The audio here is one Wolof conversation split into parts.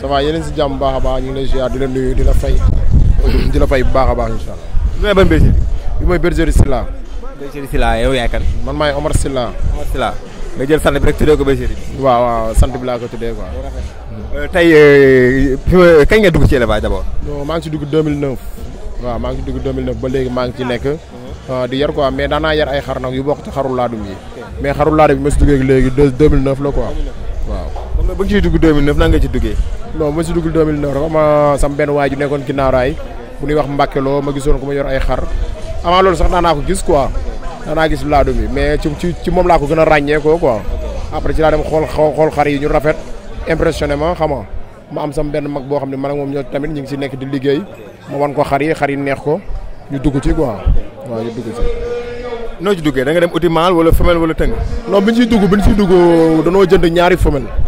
ça va yéen si jàmm bu baax ñu ngi lay ziar di la nuyu di la fay di la fay bu baax baax incha allah. bi may ban bi mooy bergerie Silla. bergerie Silla yow man maay Omar Silla. Omar Silla nga jël sant bi rek tuddee ko bergerie bi. waaw sant bi laa ko tuddee quoi. Hmm. Euh, tey euh, fi ma kañ nga dugg ci élevage d'abord. non maa ngi si dugg 2009. waaw maa ngi si dugg 2009 ba léegi maa ngi nekk. Ah. Ah, di yar quoi mais daanaa yar ay xar nag yu bokk ci xaru laadum yi. mais xaru laadum bi ma si duggee ba nga ciy dugg nga ci duggee. non ma si dugg 2009 dafa ma sam benn waay ju nekkoon ginnaaw raay bu ñuy wax mbàkkeloo ma ko ma yor ay xar avant loolu sax daanaa ko gis quoi daanaa gis laadum bi mais ci ci ci moom laa ko gën a ràññee après ci laa dem xool xool xar yi ñu rafet impressionné ma xam am sam benn mag boo xam ne man ak moom ñoo tamit ñu ngi si nekk di liggéey ma wan ko xar yi xar yi neex ko ñu dugg ci quoi waaw noo ci duggee da nga dem uti maal wala femelle wala tëng. non bi ñu siy dugg bi ñu siy dugg danoo jënd ñaari femelle.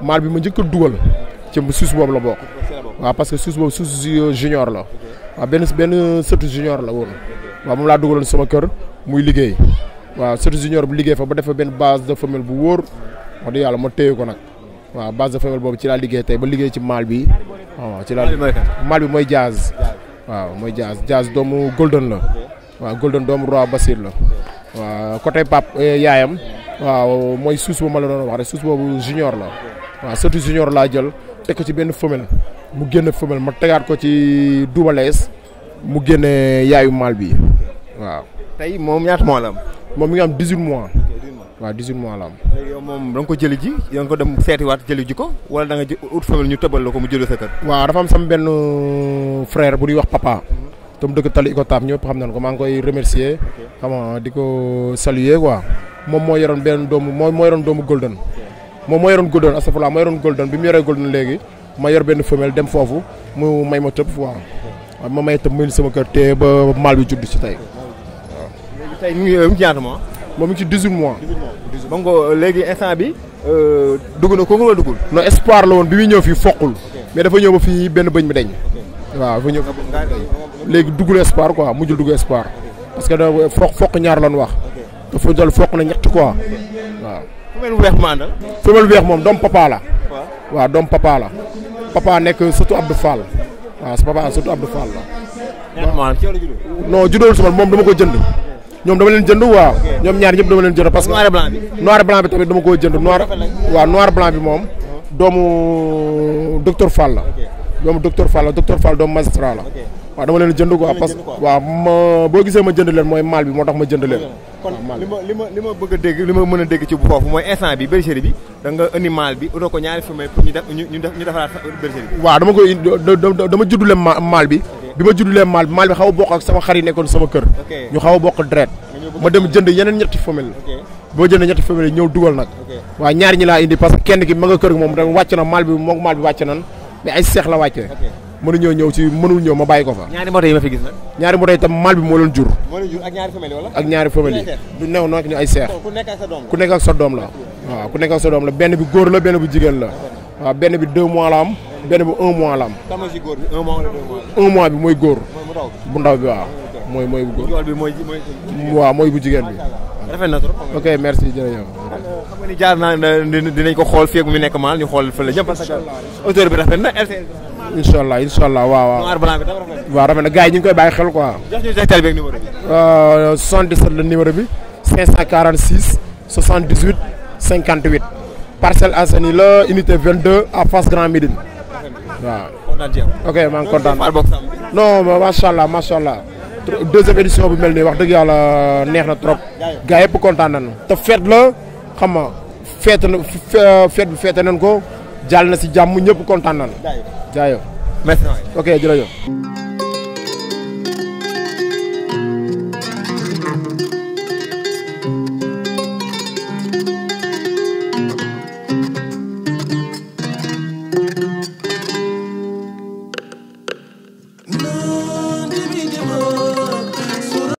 mal bi ma njëkk a ci suus boobu la bokk. waaw parce que suus boobu suus junior la. waaw benn benn sëtu junior la woon. waaw moom laa dugaloon sama kër muy liggéey. waaw sëtu junior bu liggéey fa ba defee benn base de femelle bu wóor wax dëgg yàlla ma téye ko nag. waaw base de femelle boobu ci laa liggéey tey ba liggéey ci mal bi. waaw ci laa mal bi mooy jazz. waaw mooy jazz jazz doomu golden la. waaw golden doomu roi Basir la. waaw côté pap eh, yaayam. waaw mooy suus boobu ma la doon wax rek suus boobu junior la. waaw surtout junior laa jël teg ko ci benn femelle mu génne femelle ma tegaat ko ci dubalees mu génne yaayu mal bi waaw. tey moom ñaata mois la am. moom mi ngi am 18 mois. waaw 18 mois la am. léegi yow moom da nga ko jëli ji da nga ko dem seetiwaat jëli ji ko wala da nga ji ut famille ñu tëbal la ko mu jëli sa kër. waaw dafa am sama benn euh, frère bu ñuy wax papa. Mhm. te dëgg tali Tali Ikotaab ñëpp xam nañ ko maa ngi koy remercier. xam nga di ko saluer quoi. moom moo yoroon benn doomu moo moo yoroon doomu Golden. moom moo yoroon golden astafurlah moo yoroon golden bi mu yoree golden léegi ma yor benn femelle dem foofu mu may ma tëb waaw ma may tëb muy sama kër te ba mal bi judd si tey. waaw léegi tey ñu ngi ñaata mois. moom ngi ci 18 mois. 18 mois donc léegi instant bi euh, dugg na kooku wala duggul. non espoir la woon bi muy ñëw fii foqul. mais dafa ñëw ba fii benn bëñ bi dañ. waaw dafa ñëw ba léegi duggul espoir quoi mujjul dugg espoir. parce que da foq foq ñaar lan wax. dafa jël foq na ñett quoi. femelle bu weex maanaam. femelle bu weex moom doom papa la. waaw waaw doom la. papa nekk surtout Abdou Fall. waaw su papa surtout Abdou Fall la. waaw non juddoo su moom dama ko jënd. ñoom dama leen jënd waaw. ñoom ñaari ñëpp dama leen jënd parce que. noir blanc bi bi tamit dama koo jënd noir. waaw noir blanc bi moom. Uh-huh. doomu docteur Fall la. doomu docteur Fall la docteur Fall doomu magistrat la. waaw dama jënd quoi parce que waaw ma boo gisee ma jënd leen mooy maal bi moo tax ma jënd leen. li ma li ma li bu mooy instant bi bergerie bi da nga ko ñaari femelle pour ñu def ñu def ñu defaraat dama koy dama juddulee ma maal bi. bi ma juddulee maal bi maal bi xaw a bokk sama xar yi nekkoon sama kër. ñu xaw a bokk deret. ma dem jënd yeneen ñetti femelle la. boo jënd ñetti femelle ñëw dugal nag. waaw ñaar ñi laa indi parce que kenn ki ma nga kër moom da wàcc na maal bi moom maal bi wàcc nan mais ay seex la wàccee mënuñoo ñëw ci mënul ñëw ma bàyyi ko fa. ñaari moto yi ma fi gis nag. ñaari moto yi tam mal bi moo leen jur. ak ñaari famille du new nag ay seex. ku nekk ak sa doom la ku nekk ak waaw ku nekk ak sa doom la benn bi góor la benn bu jigéen la. waaw benn bi deux mois am. benn bi un mois la am. kan si góor bi un mois bi mooy góor. bu ndaw bi waaw. mooy mooy bu góor jool bi mooy mooy. waaw mooy bu jigéen bi. rafet na trop. ok merci jërëjëf. xam nga ni jaar naa dinañ ko xool fii ak mu nekk maal ñu xool fële jëm parce que auteur bi rafet na incha allah incha allah waaw waaw. noir blanc bi dafa koy bàyyi xel quoi. jox ñu secteur bi ak numéro bi. 77 euh, la numéro bi 546 78 58 Parcelles Assainies la unité 22 à Fass Grand Médine waaw. ok maa ngi kontaan. non macha allah macha allah. deuxième édition bu mel ni wax dëgg yàlla euh, neex na trop. gars yëpp kontaan nañu. te fête la xam nga fête na fête bi fête nañ ko. jal na si jàmm ñëpp kontaan nañu. jaayoo merci ok